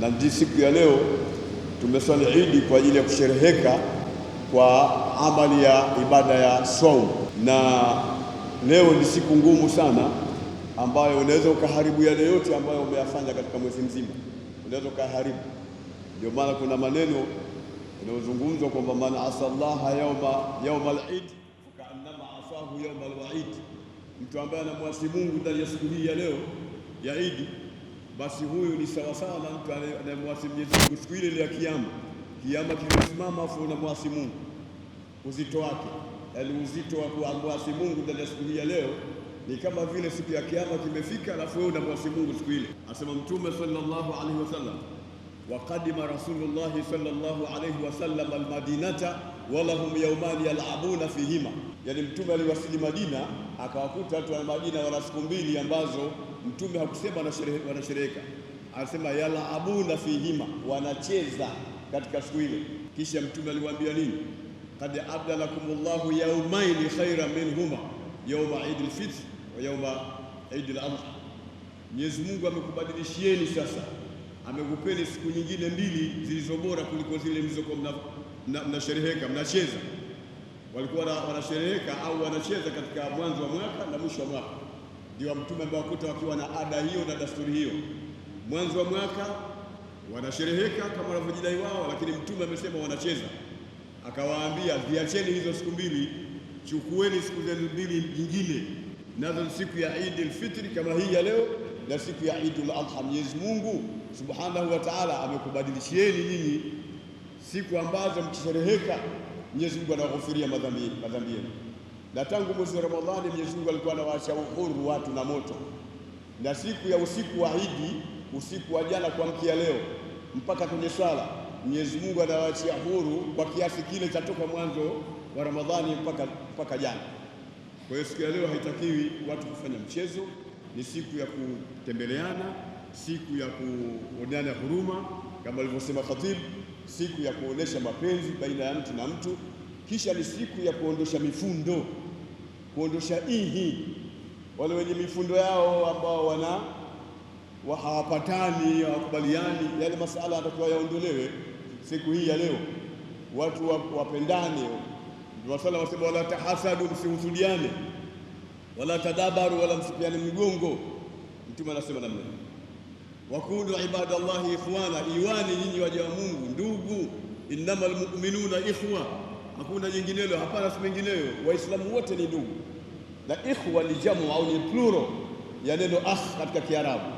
na ndi siku ya leo tumeswali Idi kwa ajili ya kushereheka kwa amali ya ibada ya swaumu, na leo ni siku ngumu sana ambayo unaweza ukaharibu yale yote ambayo umeyafanya katika mwezi mzima, unaweza ukaharibu. Ndio maana kuna maneno yanayozungumzwa kwamba man asallaha yauma yauma al-Eid asahu yauma al mtu ambaye anamwasi Mungu ndani ya siku hii ya leo ya Idi basi huyu ni sawasawa na mtu anayemwasi Mwenyezi Mungu siku ile ya Kiyama. Kiyama kimesimama afu unamwasi Mungu, uzito wake, yaani uzito wa kumwasi Mungu ndani ya siku hii ya leo ni kama vile siku ya Kiyama kimefika, alafu wewe unamwasi Mungu siku ile. Asema Mtume sallallahu alaihi wasallam, waqadima Rasulullahi sallallahu alaihi wasallam almadinata wala hum yaumani yalabuna fihima, yani mtume aliwasili Madina akawakuta watu wa Madina wana siku mbili ambazo mtume hakusema wanashereheka, anasema yalabuna fihima, wanacheza katika siku ile. Kisha mtume aliwaambia nini? Kad abdalakumullahu yaumaini khairan minhuma yauma idi fitr wa yauma idi adha, Mwenyezi Mungu amekubadilishieni sasa amekupeni siku nyingine mbili zilizo bora kuliko zile mlizokuwa mnashereheka mna, mna mnacheza. Walikuwa wanashereheka au wanacheza katika mwanzo wa mwaka na mwisho wa mwaka, ndio Mtume amewakuta wakiwa na ada hiyo na dasturi hiyo. Mwanzo wa mwaka wanashereheka kama wanavyojidai wao, lakini Mtume amesema wanacheza, akawaambia viacheni hizo siku mbili, chukueni siku zenu mbili nyingine, nazo siku ya Eid al-Fitr kama hii ya leo na siku ya Idul Adha. Mwenyezi Mungu Subhanahu wa Ta'ala amekubadilishieni nyinyi siku ambazo mkishereheka Mwenyezi Mungu anawaghufiria madhambi madhambi yenu. Na tangu mwezi wa Ramadhani Mwenyezi Mungu alikuwa anawaacha uhuru watu na moto, na siku ya usiku wa Idi, usiku wa jana kuamkia leo mpaka kwenye swala Mwenyezi Mungu anawaachia huru kwa kiasi kile cha toka mwanzo wa Ramadhani mpaka mpaka jana. Kwa hiyo siku ya leo haitakiwi watu kufanya mchezo ni siku ya kutembeleana, siku ya kuoneana huruma kama alivyosema khatibu, siku ya kuonesha mapenzi baina ya mtu na mtu. Kisha ni siku ya kuondosha mifundo, kuondosha ihi, wale wenye mifundo yao ambao wana hawapatani hawakubaliani, yale masala yatakiwa yaondolewe siku hii ya leo, watu wapendane. Wasala wasema wala tahasadu, msihusudiane wala tadabaru, wala msipiane migongo. Mtume anasema namna wakulu ibadallahi ikhwana, iwani nyinyi waja wa Mungu ndugu. Innamal mu'minuna ikhwa, hakuna nyinginelo, hapana si mengineyo. Waislamu wote ni ndugu, na ikhwa ni jamu au ni plural ya neno akh katika Kiarabu